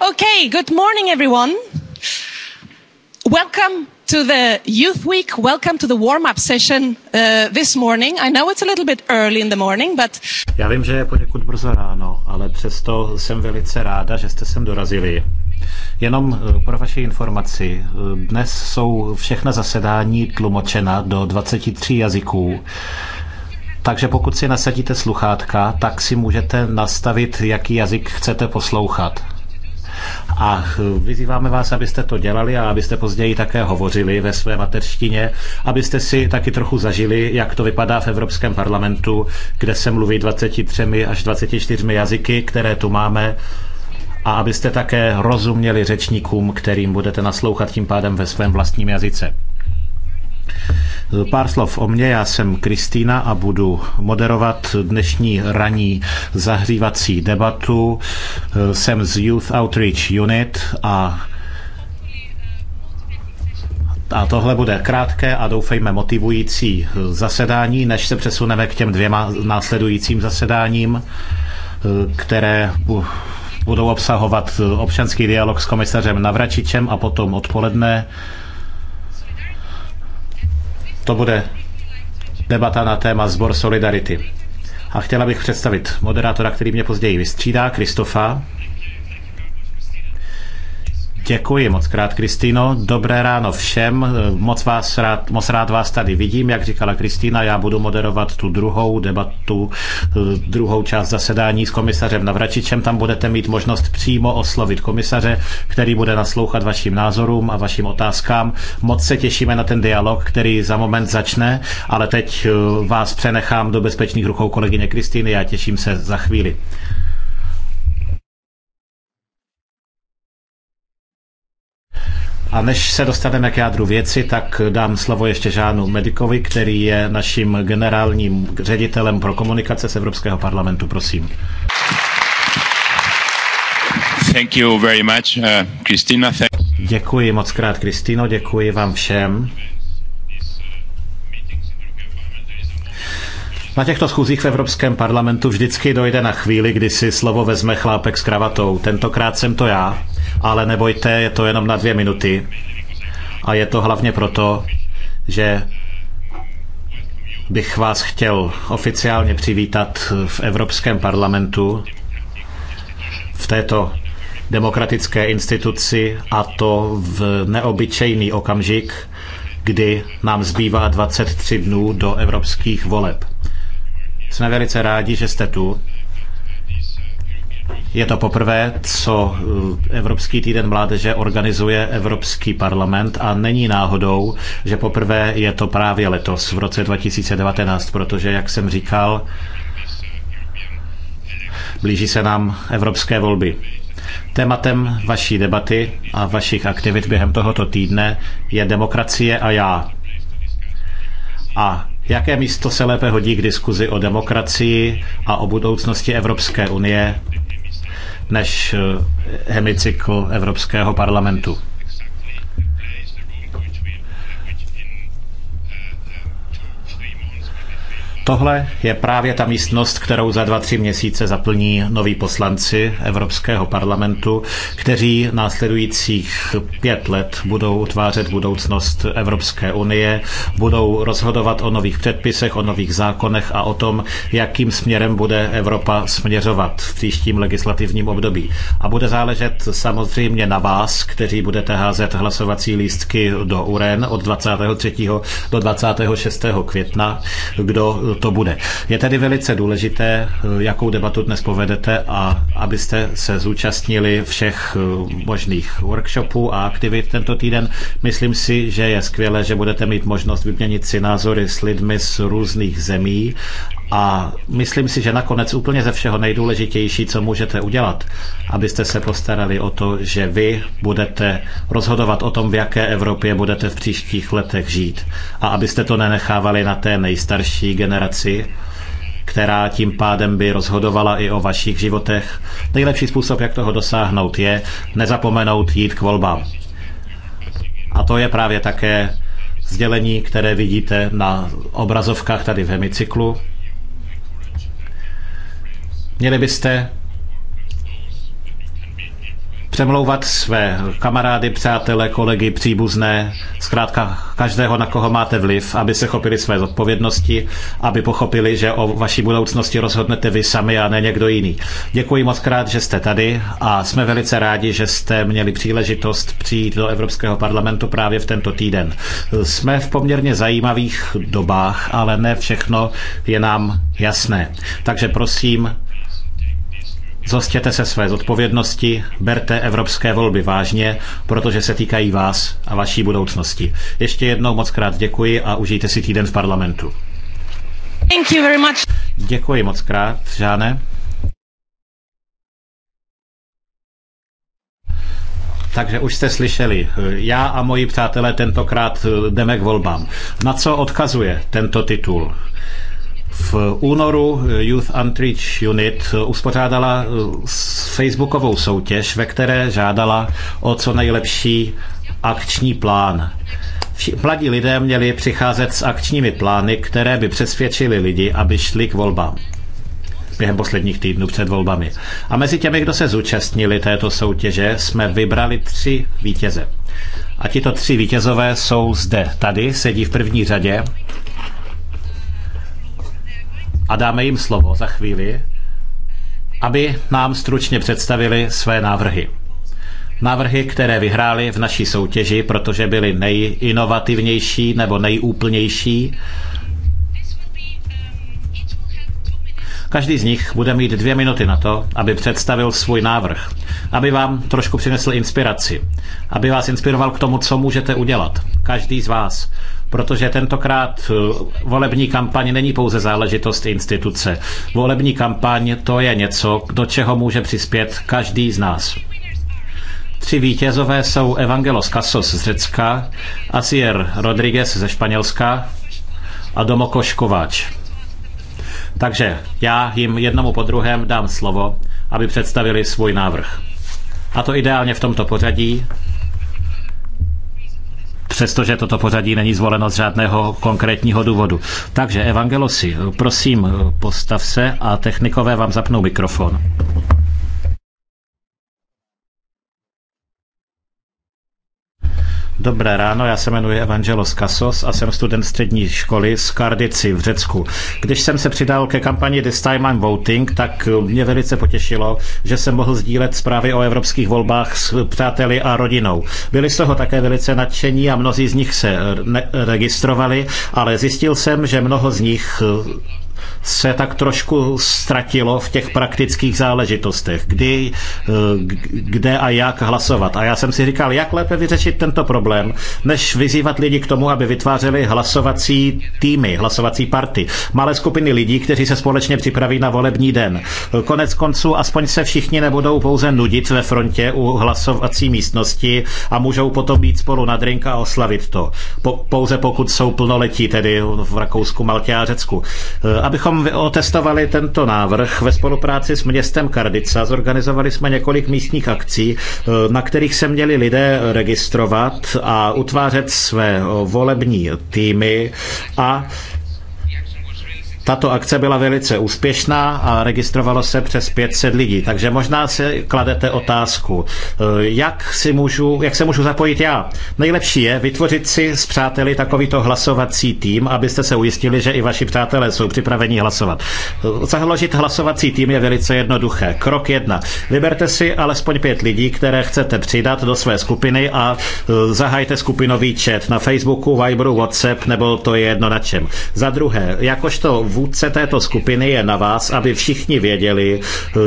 Okay, good morning, everyone. Welcome to the Youth Week. Welcome to the warm-up session uh, this morning. I know it's a little bit early in the morning, but... Já vím, že je poněkud brzo ráno, ale přesto jsem velice ráda, že jste sem dorazili Jenom eh, pro vaši informaci, eh, dnes jsou všechna zasedání tlumočena do 23 jazyků. Takže pokud si nasadíte sluchátka, tak si můžete nastavit, jaký jazyk chcete poslouchat. A eh, vyzýváme vás, abyste to dělali a abyste později také hovořili ve své mateřštině, abyste si taky trochu zažili, jak to vypadá v Evropském parlamentu, kde se mluví 23 až 24 jazyky, které tu máme a abyste také rozuměli řečníkům, kterým budete naslouchat tím pádem ve svém vlastním jazyce. Pár slov o mně, já jsem Kristýna a budu moderovat dnešní ranní zahřívací debatu. Jsem z Youth Outreach Unit a a tohle bude krátké a doufejme motivující zasedání, než se přesuneme k těm dvěma následujícím zasedáním, které budou obsahovat e, občanský dialog s komisařem Navračičem a potom odpoledne. To bude debata na téma Zbor Solidarity. A chtěla bych představit moderátora, který mě později vystřídá, Kristofa. Děkuji moc krát, Kristýno. Dobré ráno všem. Moc, vás rád, moc rád vás tady vidím. Jak říkala Kristýna, já budu moderovat tu druhou debatu, druhou část zasedání s komisařem Navračičem. Tam budete mít možnost přímo oslovit komisaře, který bude naslouchat vašim názorům a vašim otázkám. Moc se těšíme na ten dialog, který za moment začne, ale teď eh, vás přenechám do bezpečných rukou kolegyně Kristýny. Já těším se za chvíli. A než se dostaneme k jádru věci, tak dám slovo ještě Žánu Medikovi, který je naším generálním ředitelem pro komunikace z Evropského parlamentu. Prosím. Thank you very much, uh, Christina. Thank... Děkuji moc krát, Kristýno, děkuji vám všem. Na těchto schůzích v Evropském parlamentu vždycky dojde na chvíli, kdy si slovo vezme chlápek s kravatou. Tentokrát jsem to já, ale nebojte, je to jenom na dvě minuty. A je to hlavně proto, že bych vás chtěl oficiálně přivítat v Evropském parlamentu, v této demokratické instituci a to v neobyčejný okamžik, kdy nám zbývá 23 dnů do evropských voleb. Jsme velice rádi, že jste tu. Je to poprvé, co uh, Evropský týden mládeže organizuje Evropský parlament a není náhodou, že poprvé je to právě letos, v roce 2019, protože, jak jsem říkal, blíží se nám evropské volby. Tématem vaší debaty a vašich aktivit během tohoto týdne je demokracie a já. A Jaké místo se lépe hodí k diskuzi o demokracii a o budoucnosti Evropské unie než eh, hemicykl Evropského parlamentu? Tohle je právě ta místnost, kterou za dva, tři měsíce zaplní noví poslanci Evropského parlamentu, kteří následujících pět let budou utvářet budoucnost Evropské unie, budou rozhodovat o nových předpisech, o nových zákonech a o tom, jakým směrem bude Evropa směřovat v příštím legislativním období. A bude záležet samozřejmě na vás, kteří budete házet hlasovací lístky do uren od 23. do 26. května, kdo to bude. Je tedy velice důležité, eh, jakou debatu dnes povedete a abyste se zúčastnili všech eh, možných workshopů a aktivit tento týden. Myslím si, že je skvělé, že budete mít možnost vyměnit si názory s lidmi z různých zemí a myslím si, že nakonec úplně ze všeho nejdůležitější, co můžete udělat, abyste se postarali o to, že vy budete rozhodovat o tom, v jaké Evropě budete v příštích letech žít. A abyste to nenechávali na té nejstarší generaci, která tím pádem by rozhodovala i o vašich životech. Nejlepší způsob, jak toho dosáhnout, je nezapomenout jít k volbám. A to je právě také sdělení, které vidíte na obrazovkách tady v hemicyklu. Měli byste přemlouvat své kamarády, přátele, kolegy, příbuzné, zkrátka každého, na koho máte vliv, aby se chopili své zodpovědnosti, aby pochopili, že o vaší budoucnosti rozhodnete vy sami a ne někdo jiný. Děkuji moc krát, že jste tady a jsme velice rádi, že jste měli příležitost přijít do Evropského parlamentu právě v tento týden. Jsme v poměrně zajímavých dobách, ale ne všechno je nám jasné. Takže prosím, Zostěte se své zodpovědnosti, berte evropské volby vážně, protože se týkají vás a vaší budoucnosti. Ještě jednou moc krát děkuji a užijte si týden v parlamentu. Thank you very much. Děkuji moc krát, Žáne. Takže už jste slyšeli, já a moji přátelé tentokrát jdeme k volbám. Na co odkazuje tento titul? V únoru Youth Unreach Unit uspořádala eh, facebookovou soutěž, ve které žádala o co nejlepší akční plán. Mladí lidé měli přicházet s akčními plány, které by přesvědčili lidi, aby šli k volbám během posledních týdnů před volbami. A mezi těmi, kdo se zúčastnili této soutěže, jsme vybrali tři vítěze. A tito tři vítězové jsou zde, tady, sedí v první řadě a dáme jim slovo za chvíli, aby nám stručně představili své návrhy. Návrhy, které vyhráli v naší soutěži, protože byly nejinovativnější nebo nejúplnější Každý z nich bude mít dvě minuty na to, aby představil svůj návrh, aby vám trošku přinesl inspiraci, aby vás inspiroval k tomu, co můžete udělat. Každý z vás protože tentokrát eh, volební kampaň není pouze záležitost instituce. Volební kampaň to je něco, do čeho může přispět každý z nás. Tři vítězové jsou Evangelos Kassos z Řecka, Asier Rodriguez ze Španělska a Domokoš Kováč takže já jim jednomu po druhém dám slovo, aby představili svůj návrh. A to ideálně v tomto pořadí, přestože toto pořadí není zvoleno z žádného konkrétního důvodu. Takže Evangelosi, prosím, postav se a technikové vám zapnou mikrofon. Dobré ráno, já se jmenuji Evangelos Kasos a jsem student střední školy z Kardici v Řecku. Když jsem se přidal ke kampani This Time I'm Voting, tak mě velice potěšilo, že jsem mohl sdílet zprávy o evropských volbách s přáteli a rodinou. Byli z toho také velice nadšení a mnozí z nich se registrovali, ale zjistil jsem, že mnoho z nich se tak trošku ztratilo v těch praktických záležitostech, kdy, eh, kde a jak hlasovat. A já jsem si říkal, jak lépe vyřešit tento problém, než vyzývat lidi k tomu, aby vytvářeli hlasovací týmy, hlasovací party, malé skupiny lidí, kteří se společně připraví na volební den. Konec konců, aspoň se všichni nebudou pouze nudit ve frontě u hlasovací místnosti a můžou potom být spolu na drink a oslavit to. Po, pouze pokud jsou plnoletí, tedy v Rakousku, Maltě a Řecku. Eh, Abychom otestovali tento návrh ve spolupráci s městem Kardica, zorganizovali jsme několik místních akcí, eh, na kterých se měli lidé registrovat a utvářet své eh, volební týmy a tato akce byla velice úspěšná a registrovalo se přes 500 lidí. Takže možná si kladete otázku, eh, jak, si můžu, jak se můžu zapojit já? Nejlepší je vytvořit si s přáteli takovýto hlasovací tým, abyste se ujistili, že i vaši přátelé jsou připraveni hlasovat. Eh, zahložit hlasovací tým je velice jednoduché. Krok jedna. Vyberte si alespoň pět lidí, které chcete přidat do své skupiny a eh, zahajte skupinový chat na Facebooku, Viberu, WhatsApp nebo to je jedno na čem. Za druhé, jakožto vůdce této skupiny, je na vás, aby všichni věděli, eh,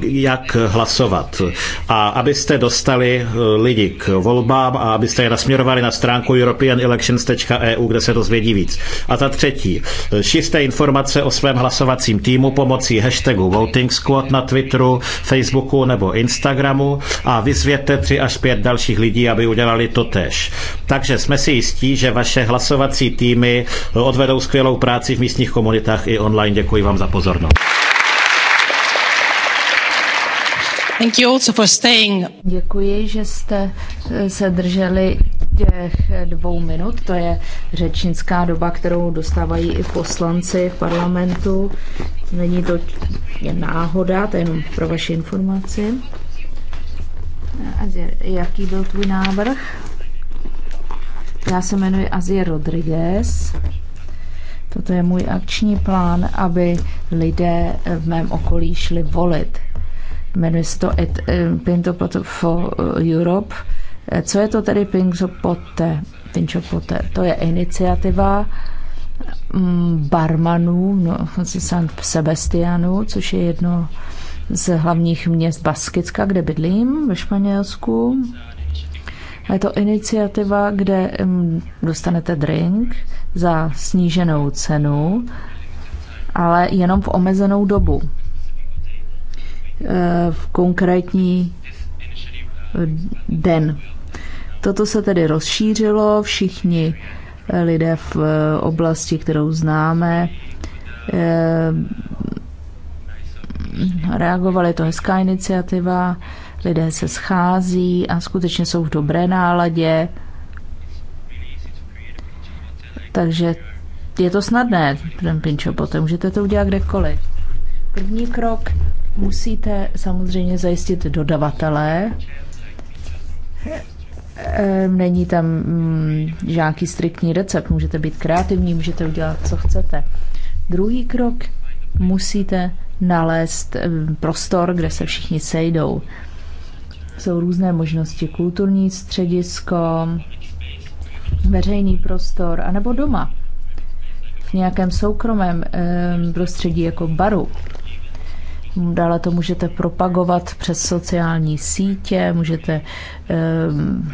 jak hlasovat. A abyste dostali eh, lidi k volbám a abyste je nasměrovali na stránku europeanelections.eu, e kde se dozvědí víc. A za třetí, eh, šisté informace o svém hlasovacím týmu pomocí hashtagu Voting Squad na Twitteru, Facebooku nebo Instagramu a vyzvěte tři až pět dalších lidí, aby udělali to tež. Takže jsme si jistí, že vaše hlasovací týmy odvedou skvělou práci v místních komunitách komunitách i online. Děkuji vám za pozornost. Thank you also for staying. Děkuji, že jste eh, se drželi těch eh, dvou minut. To je řečnická doba, kterou dostávají i poslanci v parlamentu. Není to jen náhoda, to je jenom pro vaši informaci. Azir, jaký byl tvůj návrh? Já se jmenuji Azir Rodriguez. Toto je můj akční plán, aby lidé v mém okolí šli volit. Jmenuje se to et, eh, Pinto for Europe. Eh, co je to tedy Pinto Potter? Pinto Potter. To je iniciativa mm, barmanů, no, San Sebastianu, což je jedno z hlavních měst Baskicka, kde bydlím ve Španělsku. Je to iniciativa, kde dostanete drink za sníženou cenu, ale jenom v omezenou dobu. Eh, v konkrétní eh, den. Toto se tedy rozšířilo, všichni eh, lidé v oblasti, kterou známe, reagovali, to hezká iniciativa lidé se schází a skutečně jsou v dobré náladě. Takže je to snadné, Pinčo, potom můžete to udělat kdekoliv. První krok musíte samozřejmě zajistit dodavatele. Ehm, není tam mm, žádný striktní recept, můžete být kreativní, můžete udělat, co chcete. Druhý krok musíte nalézt ehm, prostor, kde se všichni sejdou. Jsou různé možnosti. Kulturní středisko, veřejný prostor, anebo doma. V nějakém soukromém prostředí jako baru. Dále to můžete propagovat přes sociální sítě, můžete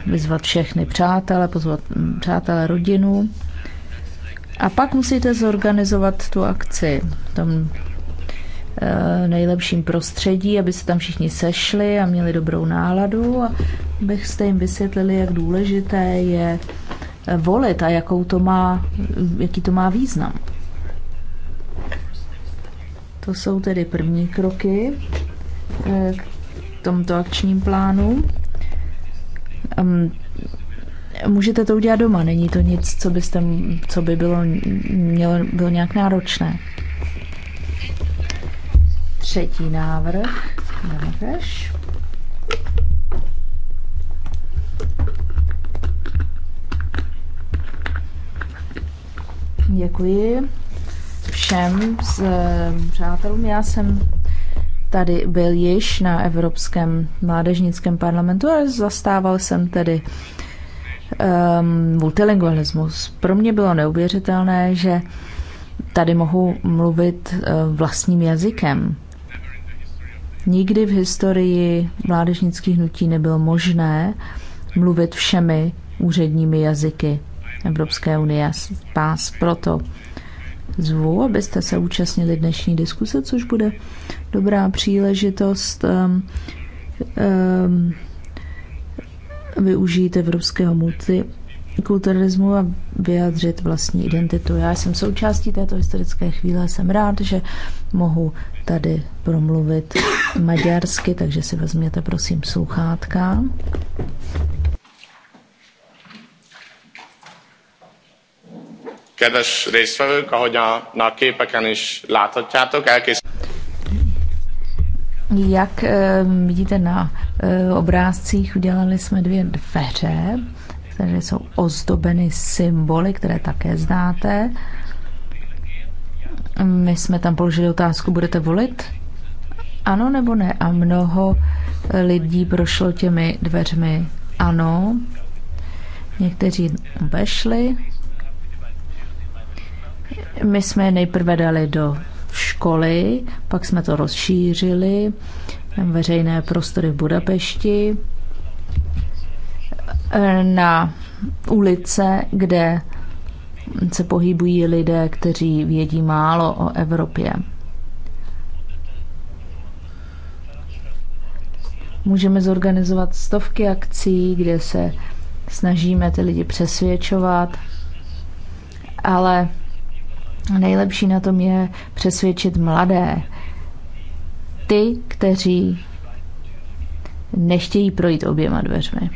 vyzvat všechny přátele, pozvat přátelé rodinu. A pak musíte zorganizovat tu akci Tam Eh, nejlepším prostředí, aby se tam všichni sešli a měli dobrou náladu a byste jim vysvětlili, jak důležité je eh, volit a jakou to má, jaký to má význam. To jsou tedy první kroky eh, k tomto akčním plánu. Ehm, můžete to udělat doma, není to nic, co, byste, co by bylo, mělo, bylo nějak náročné. Třetí návrh. Nemůžeš. Děkuji všem z eh, přátelům. Já jsem tady byl již na Evropském mládežnickém parlamentu a zastával jsem tedy um, multilingualismus. Pro mě bylo neuvěřitelné, že tady mohu mluvit uh, vlastním jazykem. Nikdy v historii mládežnických hnutí nebylo možné mluvit všemi úředními jazyky Evropské unie. Pás proto zvu, abyste se účastnili dnešní diskuse, což bude dobrá příležitost um, um, využít evropského multi kulturalismu a vyjádřit vlastní identitu. Já jsem součástí této historické chvíle, jsem rád, že mohu tady promluvit maďarsky, takže si vezměte prosím sluchátka. Kedves résztvevők, ahogy a, a képeken is láthatjátok, elkész... jak eh, vidíte na eh, obrázcích, udělali jsme dvě dveře které jsou ozdobeny symboly, které také znáte. My jsme tam položili otázku, budete volit? Ano nebo ne? A mnoho lidí prošlo těmi dveřmi ano. Někteří obešli. My jsme je nejprve dali do školy, pak jsme to rozšířili veřejné prostory v Budapešti na ulice, kde se pohybují lidé, kteří vědí málo o Evropě. Můžeme zorganizovat stovky akcí, kde se snažíme ty lidi přesvědčovat, ale nejlepší na tom je přesvědčit mladé. Ty, kteří nechtějí projít oběma dveřmi.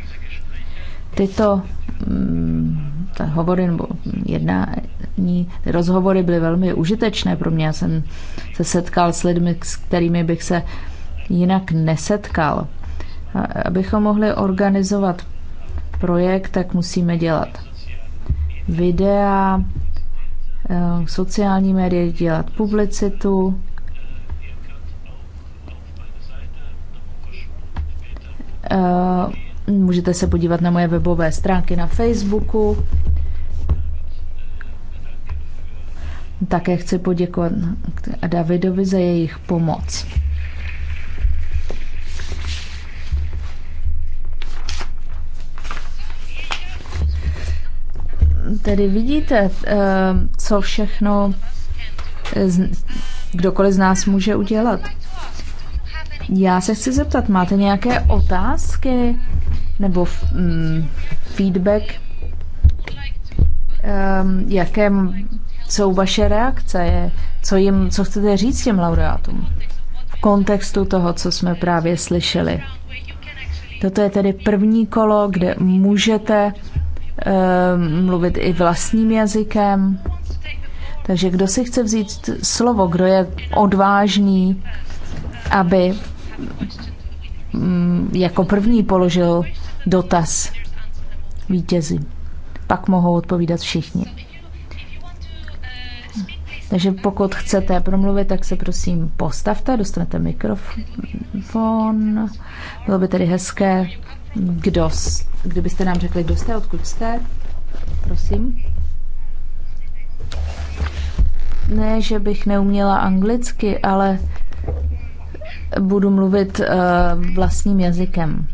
Tyto mm, ta hovory nebo jednání, rozhovory byly velmi užitečné pro mě. Já jsem se setkal s lidmi, s kterými bych se jinak nesetkal. Abychom mohli organizovat projekt, tak musíme dělat videa, eh, sociální média, dělat publicitu. Uh, Můžete se podívat na moje webové stránky na Facebooku. Také chci poděkovat Davidovi za jejich pomoc. Tedy vidíte, eh, co všechno kdokoliv z nás může udělat. Já se chci zeptat, máte nějaké otázky nebo mm, feedback? Um, jaké jsou vaše reakce? Je, co, jim, co chcete říct těm laureátům? V kontextu toho, co jsme právě slyšeli. Toto je tedy první kolo, kde můžete um, mluvit i vlastním jazykem. Takže kdo si chce vzít slovo, kdo je odvážný, aby Mm, jako první položil dotaz vítězi. Pak mohou odpovídat všichni. Takže pokud chcete promluvit, tak se prosím postavte, dostanete mikrofon. Bylo by tedy hezké, kdo, kdybyste nám řekli, kdo jste, odkud jste. Prosím. Ne, že bych neuměla anglicky, ale budu mluvit eh, vlastním jazykem.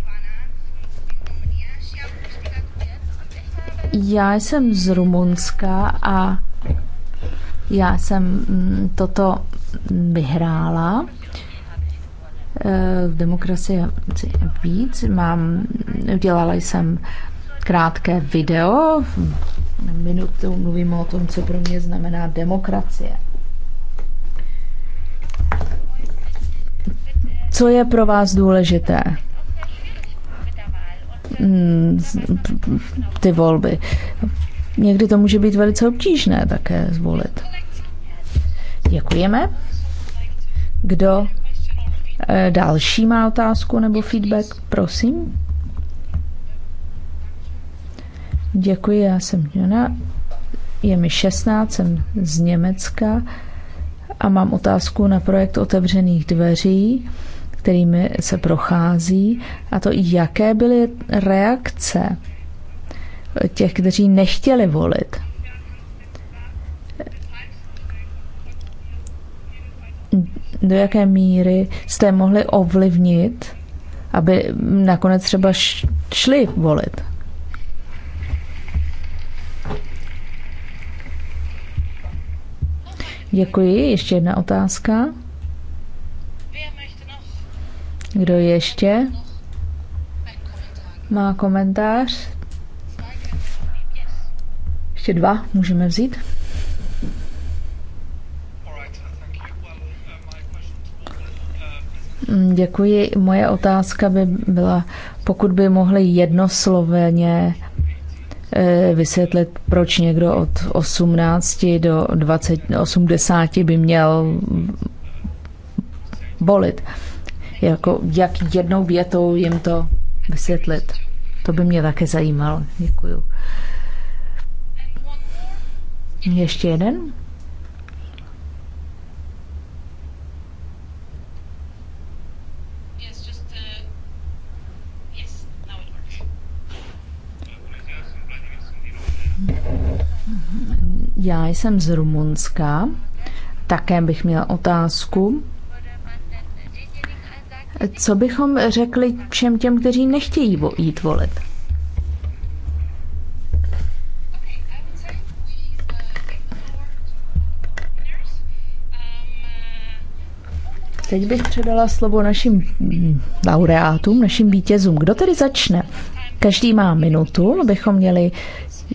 Já jsem z Rumunska a já jsem mm, toto vyhrála. V eh, demokracii víc mám, udělala jsem krátké video, minutu mluvím o tom, co pro mě znamená demokracie. Co je pro vás důležité? Hmm, ty volby. Někdy to může být velice obtížné také zvolit. Děkujeme. Kdo eh, další má otázku nebo feedback, prosím. Děkuji, já jsem Jana. Je mi 16, jsem z Německa a mám otázku na projekt otevřených dveří kterými se prochází, a to, jaké byly reakce těch, kteří nechtěli volit. Do jaké míry jste mohli ovlivnit, aby nakonec třeba šli volit? Děkuji. Ještě jedna otázka. Kdo ještě má komentář? Ještě dva můžeme vzít. Mm, děkuji. Moje otázka by byla, pokud by mohli jednosloveně eh, vysvětlit, proč někdo od 18 do 20, 80 by měl bolit? jako, jak jednou větou jim to vysvětlit. To by mě také zajímalo. Děkuju. Ještě jeden? Uh, Já jsem z Rumunska, také bych měla otázku. Co bychom řekli všem těm, kteří nechtějí jít volit? Teď bych předala slovo našim laureátům, našim vítězům. Kdo tedy začne? Každý má minutu, abychom měli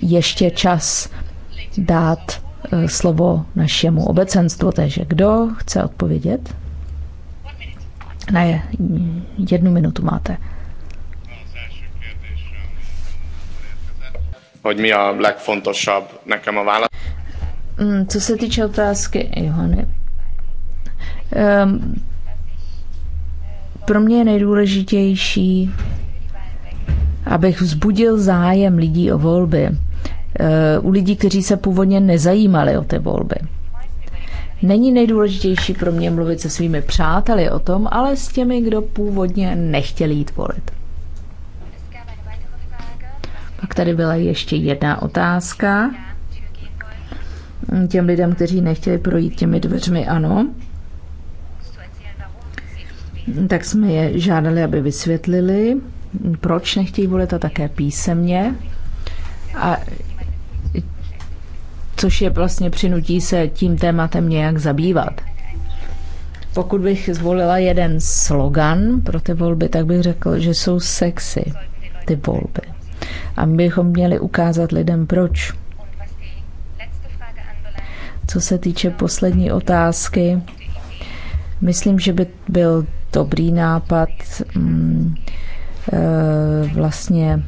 ještě čas dát eh, slovo našemu obecenstvu. Takže kdo chce odpovědět? Ne, jednu minutu máte. Hogy mi a legfontosabb nekem a válasz? Mm, co se týče otázky Johany, um, ehm, pro mě je nejdůležitější, abych vzbudil zájem lidí o volby. Uh, u lidí, kteří se původně nezajímali o ty volby. Není nejdůležitější pro mě mluvit se svými přáteli o tom, ale s těmi, kdo původně nechtěli jít volit. Pak tady byla ještě jedna otázka. Těm lidem, kteří nechtěli projít těmi dveřmi, ano. Tak jsme je žádali, aby vysvětlili, proč nechtějí volit a také písemně. A což je vlastně přinutí se tím tématem nějak zabývat. Pokud bych zvolila jeden slogan pro ty volby, tak bych řekl, že jsou sexy ty volby. A my bychom měli ukázat lidem, proč. Co se týče poslední otázky, myslím, že by byl dobrý nápad mm, e, vlastně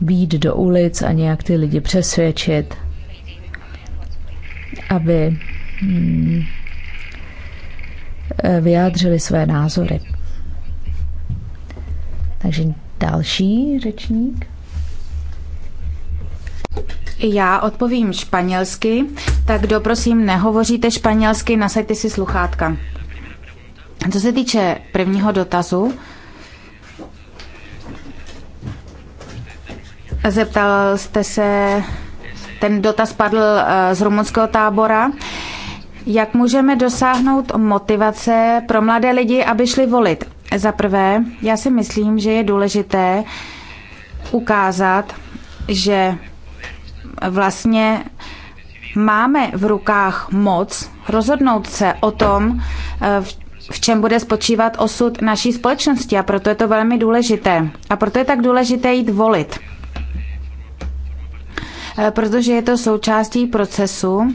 být do ulic a nějak ty lidi přesvědčit aby hmm, eh, vyjádřili své názory. Takže další řečník. Já odpovím španělsky, tak kdo prosím nehovoříte španělsky, nasaďte si sluchátka. Co se týče prvního dotazu, zeptal jste se ten dotaz padl eh, z rumunského tábora. Jak můžeme dosáhnout motivace pro mladé lidi, aby šli volit? Za prvé, já si myslím, že je důležité ukázat, že vlastně máme v rukách moc rozhodnout se o tom, eh, v čem bude spočívat osud naší společnosti a proto je to velmi důležité. A proto je tak důležité jít volit. Eh, protože je to součástí procesu,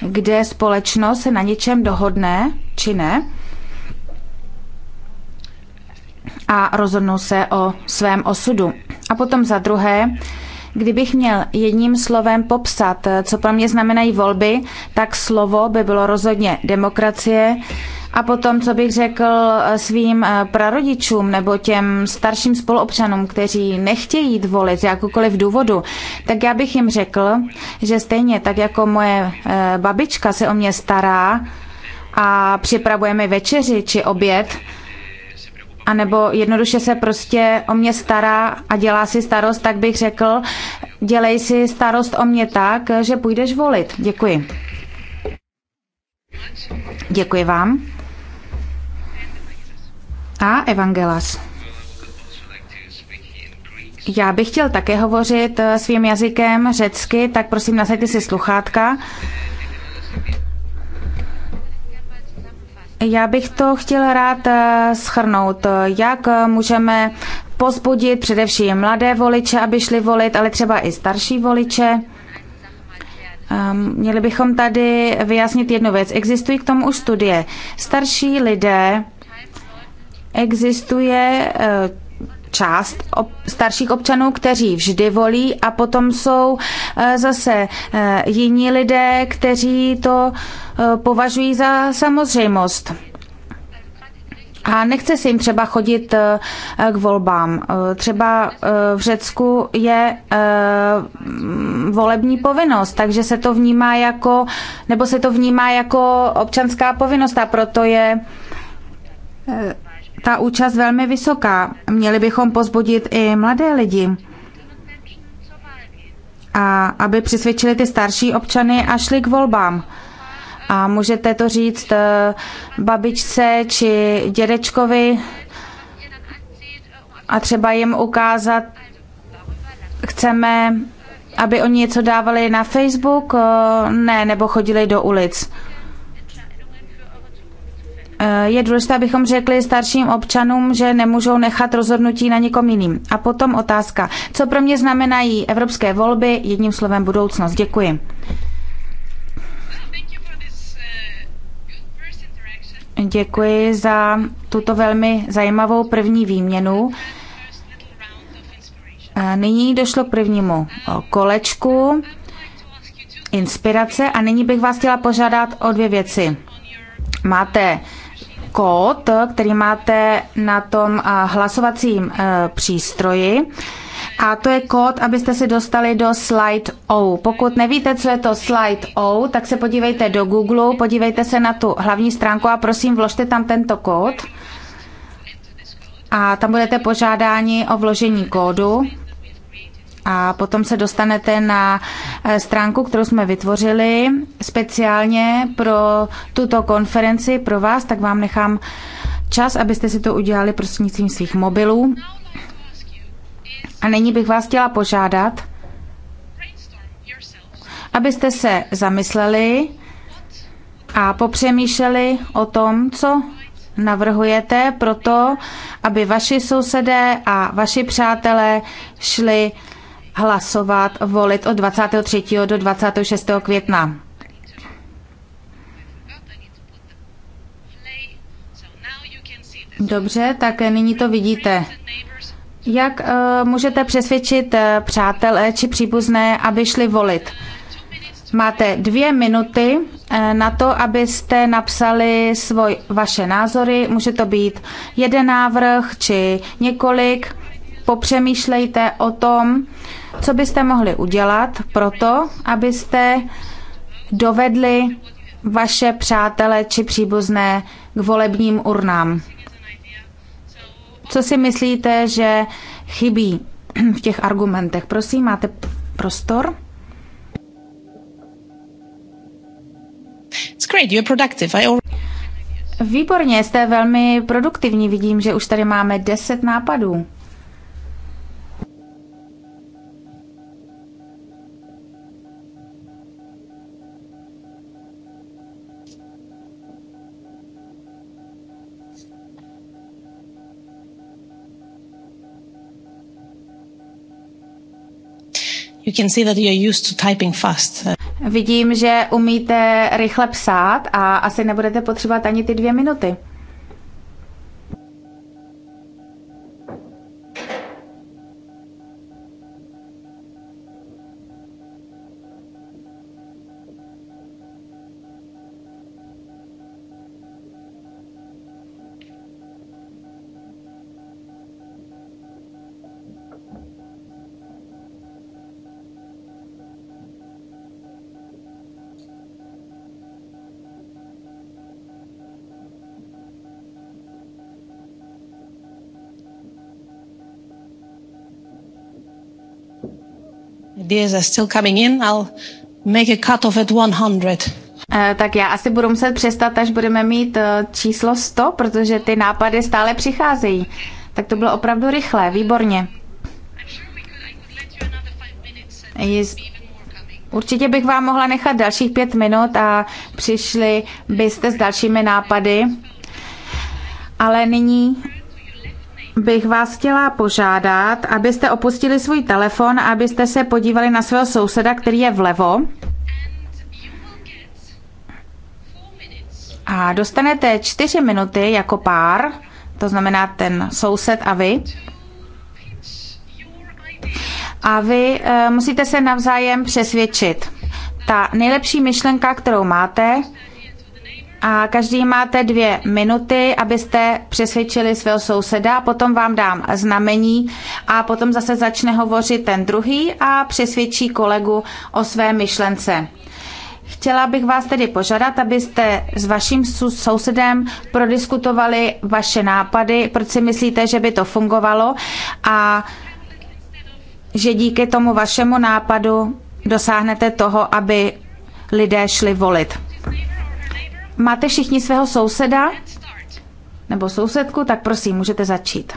kde společnost se na něčem dohodne či ne a rozhodnou se o svém osudu. A potom za druhé, Kdybych měl jedním slovem popsat, co pro mě znamenají volby, tak slovo by bylo rozhodně demokracie, a potom, co bych řekl eh, svým eh, prarodičům nebo těm starším spoluobčanům, kteří nechtějí jít volit z jakoukoliv důvodu, tak já bych jim řekl, že stejně tak jako moje eh, babička se o mě stará a připravujeme večeři či oběd, a nebo jednoduše se prostě o mě stará a dělá si starost, tak bych řekl, dělej si starost o mě tak, že půjdeš volit. Děkuji. Děkuji vám. A Evangelas. Já bych chtěl také hovořit eh, svým jazykem řecky, tak prosím nasaďte si sluchátka. Já bych to chtěl rád eh, schrnout, eh, jak můžeme pozbudit především mladé voliče, aby šli volit, ale třeba i starší voliče. Ehm, měli bychom tady vyjasnit jednu věc. Existují k tomu už studie. Starší lidé existuje eh, část starších občanů, kteří vždy volí a potom jsou eh, zase eh, jiní lidé, kteří to považují za samozřejmost. A nechce se jim třeba chodit k volbám. Třeba v Řecku je volební povinnost, takže se to vnímá jako, nebo se to vnímá jako občanská povinnost a proto je ta účast velmi vysoká. Měli bychom pozbudit i mladé lidi, a aby přesvědčili ty starší občany a šli k volbám. A můžete to říct eh, babičce či dědečkovi a třeba jim ukázat, chceme, aby oni něco dávali na Facebook, eh, ne, nebo chodili do ulic. Eh, je důležité, abychom řekli starším občanům, že nemůžou nechat rozhodnutí na někom jiným. A potom otázka, co pro mě znamenají evropské volby, jedním slovem budoucnost. Děkuji. Děkuji za tuto velmi zajímavou první výměnu. Eh, nyní došlo k prvnímu eh, kolečku inspirace a nyní bych vás chtěla požádat o dvě věci. Máte kód, který máte na tom eh, hlasovacím eh, přístroji. A to je kód, abyste se dostali do Slide O. Pokud nevíte, co je to Slide O, tak se podívejte do Google, podívejte se na tu hlavní stránku a prosím vložte tam tento kód. A tam budete požádáni o vložení kódu a potom se dostanete na eh, stránku, kterou jsme vytvořili speciálně pro tuto konferenci pro vás, tak vám nechám čas, abyste si to udělali prostřednictvím svých mobilů. A nyní bych vás chtěla požádat, abyste se zamysleli a popřemýšleli o tom, co navrhujete proto, aby vaši sousedé a vaši přátelé šli hlasovat, volit od 23. do 26. května. Dobře, tak nyní to vidíte. Jak uh, můžete přesvědčit uh, přátelé či příbuzné, aby šli volit? Máte dvě minuty eh, na to, abyste napsali svoj, vaše názory. Může to být jeden návrh či několik popřemýšlejte o tom, co byste mohli udělat pro to, abyste dovedli vaše přátele či příbuzné k volebním urnám. Co si myslíte, že chybí v těch argumentech? Prosím, máte prostor? It's great, you're productive. I already... Výborně, jste velmi produktivní. Vidím, že už tady máme 10 nápadů. You can see that you're used to typing fast. Vidím, že umíte rychle psát a asi nebudete potřebovat ani ty dvě minuty. ideas are still coming in, I'll make a cut of at 100. Eh, tak já asi budu muset přestat, až budeme mít eh, číslo 100, protože ty nápady stále přicházejí. Tak to bylo opravdu rychlé, výborně. Určitě bych vám mohla nechat dalších pět minut a přišli byste s dalšími nápady. Ale nyní bych vás chtěla požádat, abyste opustili svůj telefon, abyste se podívali na svého souseda, který je vlevo. A dostanete čtyři minuty jako pár, to znamená ten soused a vy. A vy e, musíte se navzájem přesvědčit. Ta nejlepší myšlenka, kterou máte, a každý máte dvě minuty, abyste přesvědčili svého souseda, potom vám dám znamení a potom zase začne hovořit ten druhý a přesvědčí kolegu o své myšlence. Chtěla bych vás tedy požádat, abyste s vaším sousedem prodiskutovali vaše nápady, proč si myslíte, že by to fungovalo a že díky tomu vašemu nápadu dosáhnete toho, aby lidé šli volit. Máte všichni svého souseda nebo sousedku, tak prosím, můžete začít.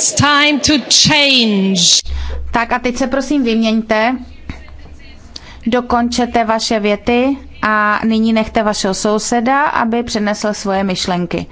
it's time to change. Tak a teď se prosím vyměňte. Dokončete vaše věty a nyní nechte vašeho souseda, aby přinesl svoje myšlenky.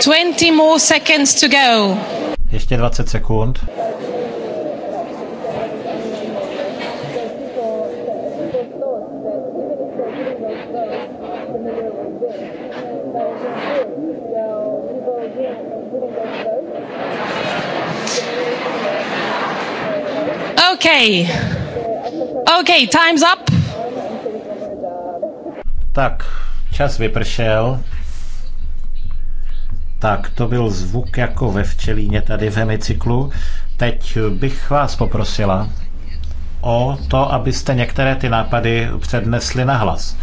20 more seconds to go. Ještě 20 sekund. Okay. Okay, time's up. Tak, čas vypršel. Tak to byl zvuk jako ve včelíně tady v hemicyklu. Teď bych vás poprosila o to, abyste některé ty nápady přednesli na hlas.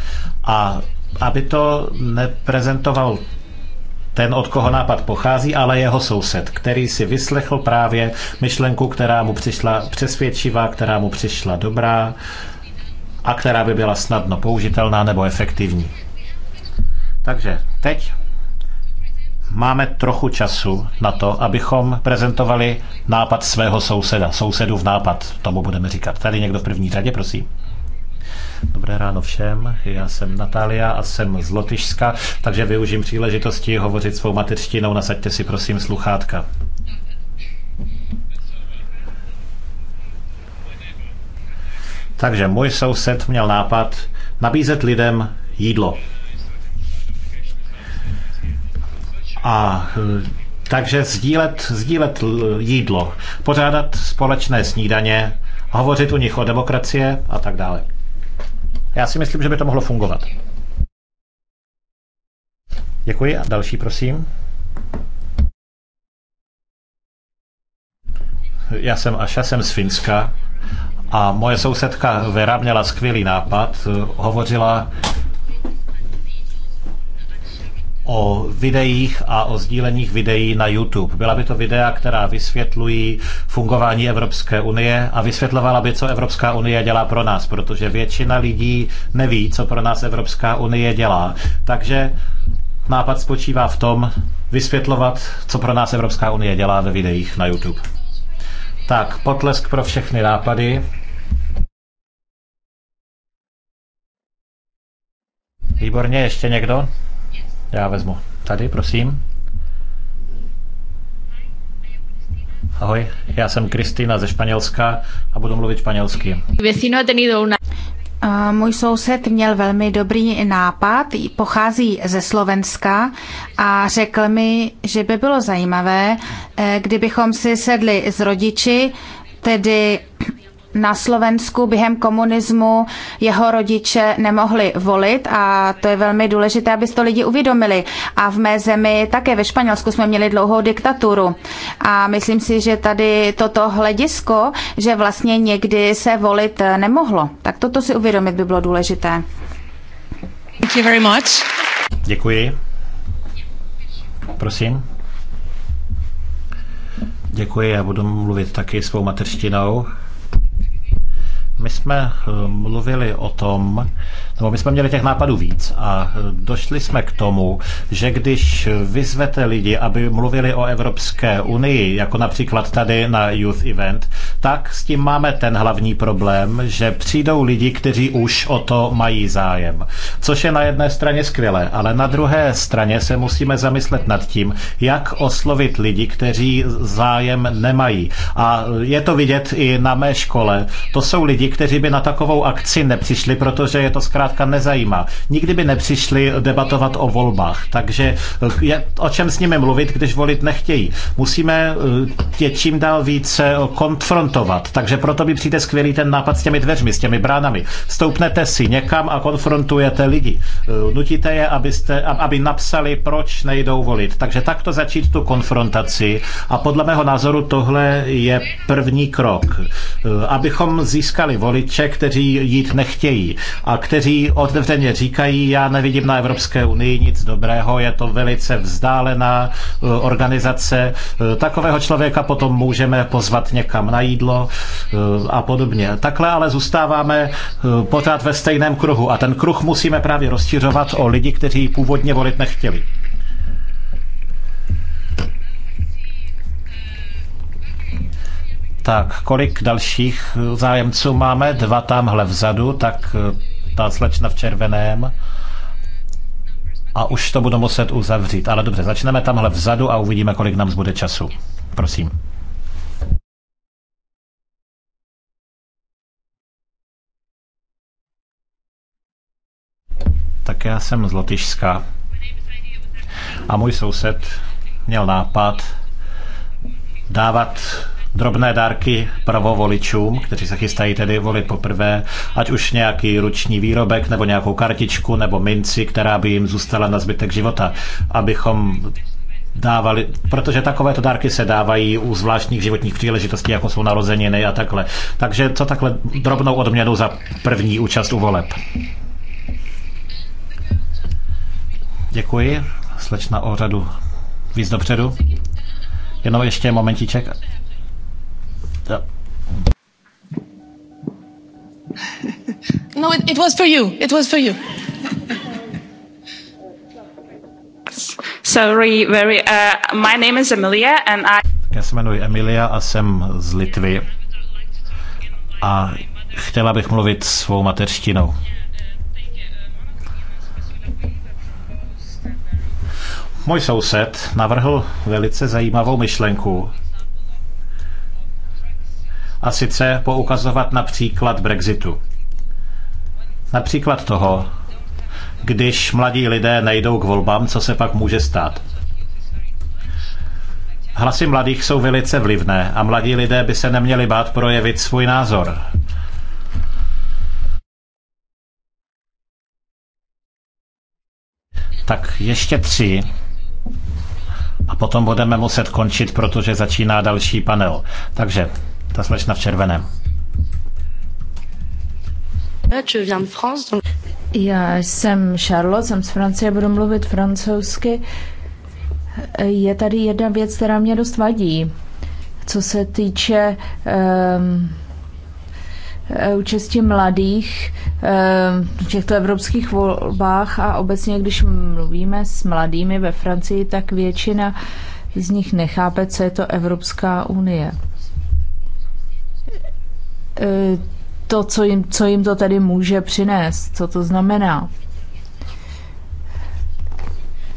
A aby to neprezentoval ten, od koho nápad pochází, ale jeho soused, který si vyslechl právě myšlenku, která mu přišla přesvědčivá, která mu přišla dobrá a která by byla snadno použitelná nebo efektivní. Takže teď máme trochu času na to, abychom prezentovali nápad svého souseda. Sousedu v nápad, tomu budeme říkat. Tady někdo v první řadě, prosím. Dobré ráno všem, já jsem Natália a jsem z Lotyšska, takže využím příležitosti hovořit svou mateřštinou. Nasaďte si prosím sluchátka. Takže můj soused měl nápad nabízet lidem jídlo. A eh, takže sdílet, sdílet jídlo, pořádat společné snídaně, hovořit u nich o demokracie a tak dále. Já si myslím, že by to mohlo fungovat. Děkuji a další, prosím. Já jsem Aša, jsem z Finska a moje sousedka Vera měla skvělý nápad. Eh, hovořila o videích a o sdíleních videí na YouTube. Byla by to videa, která vysvětlují fungování Evropské unie a vysvětlovala by, co Evropská unie dělá pro nás, protože většina lidí neví, co pro nás Evropská unie dělá. Takže nápad spočívá v tom vysvětlovat, co pro nás Evropská unie dělá ve videích na YouTube. Tak, potlesk pro všechny nápady. Výborně, ještě někdo? Já vezmu. Tady, prosím. Ahoj, já jsem Kristýna ze Španělska a budu mluvit španělsky. Můj soused měl velmi dobrý nápad, pochází ze Slovenska a řekl mi, že by bylo zajímavé, eh, kdybychom si sedli s rodiči, tedy na Slovensku během komunismu jeho rodiče nemohli volit a to je velmi důležité, aby to lidi uvědomili. A v mé zemi také ve Španělsku jsme měli dlouhou diktaturu. A myslím si, že tady toto hledisko, že vlastně někdy se volit nemohlo. Tak toto si uvědomit by bylo důležité. Thank you very much. Děkuji. Prosím. Děkuji, já budu mluvit taky svou mateřštinou. My jsme eh, mluvili o tom, nebo my jsme měli těch nápadů víc a eh, došli jsme k tomu, že když vyzvete lidi, aby mluvili o Evropské unii, jako například tady na Youth Event, tak s tím máme ten hlavní problém, že přijdou lidi, kteří už o to mají zájem. Což je na jedné straně skvělé, ale na druhé straně se musíme zamyslet nad tím, jak oslovit lidi, kteří zájem nemají. A je to vidět i na mé škole. To jsou lidi, lidi, kteří by na takovou akci nepřišli, protože je to zkrátka nezajímá. Nikdy by nepřišli debatovat o volbách, takže eh, je, o čem s nimi mluvit, když volit nechtějí. Musíme tě eh, čím dál více eh, konfrontovat, takže proto by přijde skvělý ten nápad s těmi dveřmi, s těmi bránami. Stoupnete si někam a konfrontujete lidi. Nutíte je, abyste, aby napsali, proč nejdou volit. Takže takto začít tu konfrontaci a podle mého názoru tohle je první krok. Abychom získali získali voliče, kteří jít nechtějí a kteří otevřeně říkají, já nevidím na Evropské unii nic dobrého, je to velice vzdálená eh, organizace. Eh, takového člověka potom můžeme pozvat někam na jídlo eh, a podobně. Takhle ale zůstáváme pořád ve stejném kruhu a ten kruh musíme právě rozšiřovat o lidi, kteří původně volit nechtěli. Tak, kolik dalších eh, zájemců máme? Dva tamhle vzadu, tak eh, ta slečna v červeném. A už to budu muset uzavřít. Ale dobře, začneme tamhle vzadu a uvidíme, kolik nám zbude času. Prosím. Tak já jsem z Lotyšska a můj soused měl nápad dávat drobné dárky pravovoličům, kteří se chystají tedy volit poprvé, ať už nějaký ruční výrobek nebo nějakou kartičku nebo minci, která by jim zůstala na zbytek života, abychom dávali, protože takovéto dárky se dávají u zvláštních životních příležitostí, jako jsou narozeniny a takhle. Takže co takhle drobnou odměnu za první účast u voleb? Děkuji, slečna o řadu víc dopředu. Jenom ještě momentíček. no, it, it was for you. It was for you. Sorry, very, uh, my name is Emilia and I... Já se jmenuji Emilia a jsem z Litvy. A chtěla bych mluvit svou mateřštinou. Můj soused navrhl velice zajímavou myšlenku, a sice poukazovat na příklad Brexitu. Například toho, když mladí lidé nejdou k volbám, co se pak může stát. Hlasy mladých jsou velice vlivné a mladí lidé by se neměli bát projevit svůj názor. Tak ještě tři. A potom budeme muset končit, protože začíná další panel. Takže ta slečna v červeném. Já jsem Charlotte, jsem z Francie, budu mluvit francouzsky. Je tady jedna věc, která mě dost vadí. Co se týče um, účasti mladých ehm, v těchto evropských volbách a obecně, když mluvíme s mladými ve Francii, tak většina z nich nechápe, co je to Evropská unie. E, to, co jim, co jim to tady může přinést, co to znamená.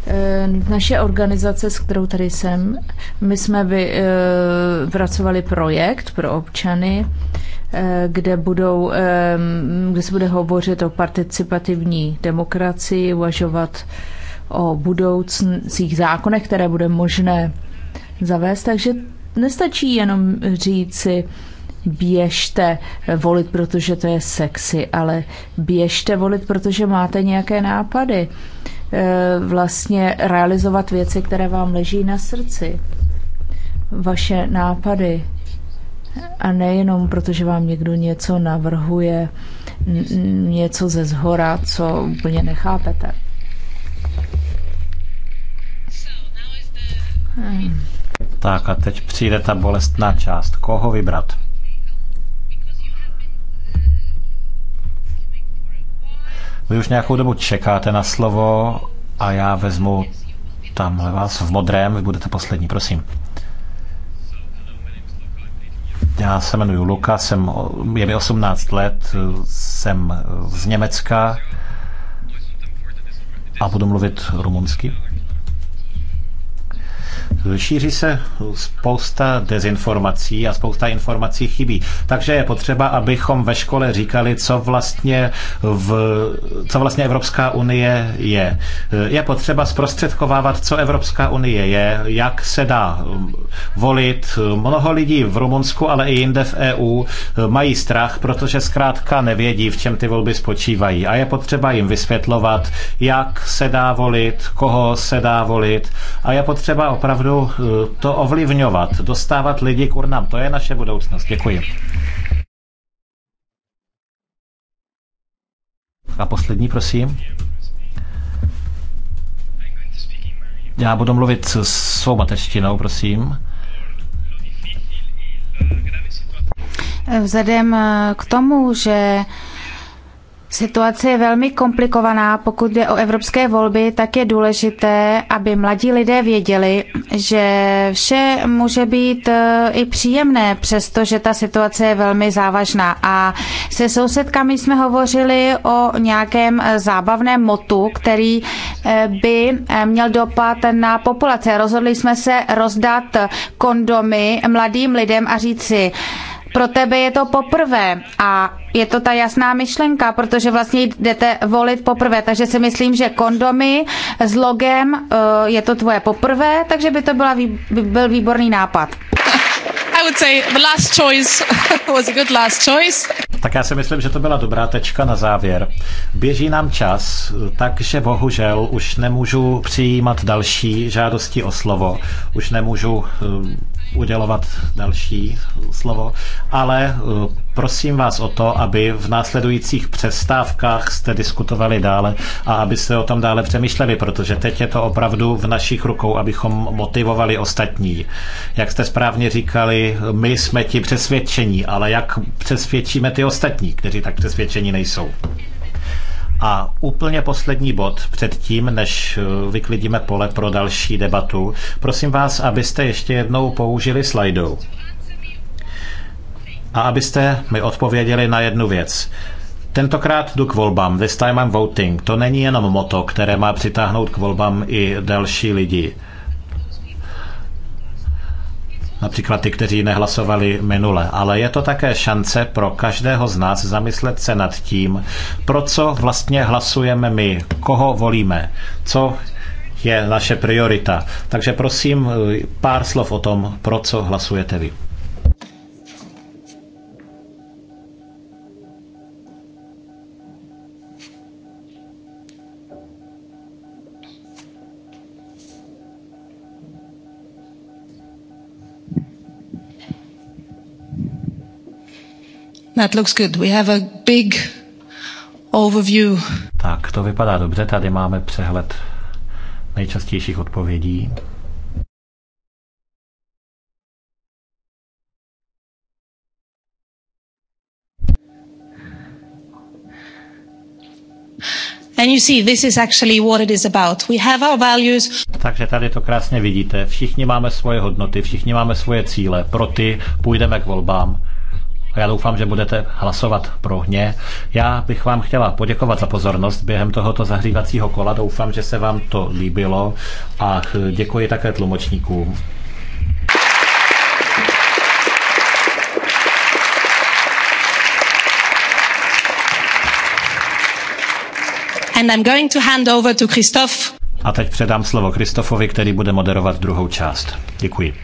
E, naše organizace, s kterou tady jsem, my jsme e, vypracovali projekt pro občany, kde, budou, kde se bude hovořit o participativní demokracii, uvažovat o budoucích zákonech, které bude možné zavést. Takže nestačí jenom říci, běžte volit, protože to je sexy, ale běžte volit, protože máte nějaké nápady. E, vlastně realizovat věci, které vám leží na srdci. Vaše nápady. A nejenom protože vám někdo něco navrhuje, něco ze zhora, co úplně nechápete. Hmm. Tak a teď přijde ta bolestná část. Koho vybrat? Vy už nějakou dobu čekáte na slovo a já vezmu tamhle vás v modrém, vy budete poslední, prosím. Já se jmenuji Luka, jsem, je mi 18 let, jsem z Německa a budu mluvit rumunsky. Šíří se spousta dezinformací a spousta informací chybí. Takže je potřeba, abychom ve škole říkali, co vlastně, v, co vlastně Evropská unie je. Je potřeba zprostředkovávat, co Evropská unie je, jak se dá volit. Mnoho lidí v Rumunsku, ale i jinde v EU mají strach, protože zkrátka nevědí, v čem ty volby spočívají. A je potřeba jim vysvětlovat, jak se dá volit, koho se dá volit. A je potřeba opravdu opravdu eh, to ovlivňovat, dostávat lidi k urnám. To je naše budoucnost. Děkuji. A poslední, prosím. Já budu mluvit s svou mateřštinou, prosím. Vzhledem k tomu, že Situace je velmi komplikovaná. Pokud jde o evropské volby, tak je důležité, aby mladí lidé věděli, že vše může být eh, i příjemné, přestože ta situace je velmi závažná. A se sousedkami jsme hovořili o nějakém eh, zábavném motu, který eh, by měl dopad na populace. Rozhodli jsme se rozdat kondomy mladým lidem a říci, pro tebe je to poprvé a je to ta jasná myšlenka, protože vlastně jdete volit poprvé, takže si myslím, že kondomy s logem eh, je to tvoje poprvé, takže by to byla, by byl výborný nápad. I would say the last choice was a good last choice. Tak já si myslím, že to byla dobrá tečka na závěr. Běží nám čas, takže bohužel už nemůžu přijímat další žádosti o slovo. Už nemůžu eh, udělovat další slovo, ale eh, prosím vás o to, aby v následujících přestávkách jste diskutovali dále a aby se o tom dále přemýšleli, protože teď je to opravdu v našich rukou, abychom motivovali ostatní. Jak jste správně říkali, my jsme ti přesvědčení, ale jak přesvědčíme ty ostatní, kteří tak přesvědčení nejsou? A úplně poslední bod předtím, než eh, vyklidíme pole pro další debatu. Prosím vás, abyste ještě jednou použili slajdou. A abyste mi odpověděli na jednu věc. Tentokrát jdu k volbám, this time I'm voting. To není jenom moto, které má přitáhnout k volbám i další lidi například ty, kteří nehlasovali minule. Ale je to také šance pro každého z nás zamyslet se nad tím, pro co vlastně hlasujeme my, koho volíme, co je naše priorita. Takže prosím pár slov o tom, pro co hlasujete vy. That looks good. We have a big overview. Tak, to vypadá dobře. Tady máme přehled nejčastějších odpovědí. And you see, this is actually what it is about. We have our values. Takže tady to krásně vidíte. Všichni máme svoje hodnoty, všichni máme svoje cíle. Pro ty půjdeme k volbám a já doufám, že budete hlasovat pro ně. Já bych vám chtěla poděkovat za pozornost během tohoto zahřívacího kola. Doufám, že se vám to líbilo a děkuji také tlumočníkům. And I'm going to hand over to Christoph. A teď předám slovo Kristofovi, který bude moderovat druhou část. Děkuji.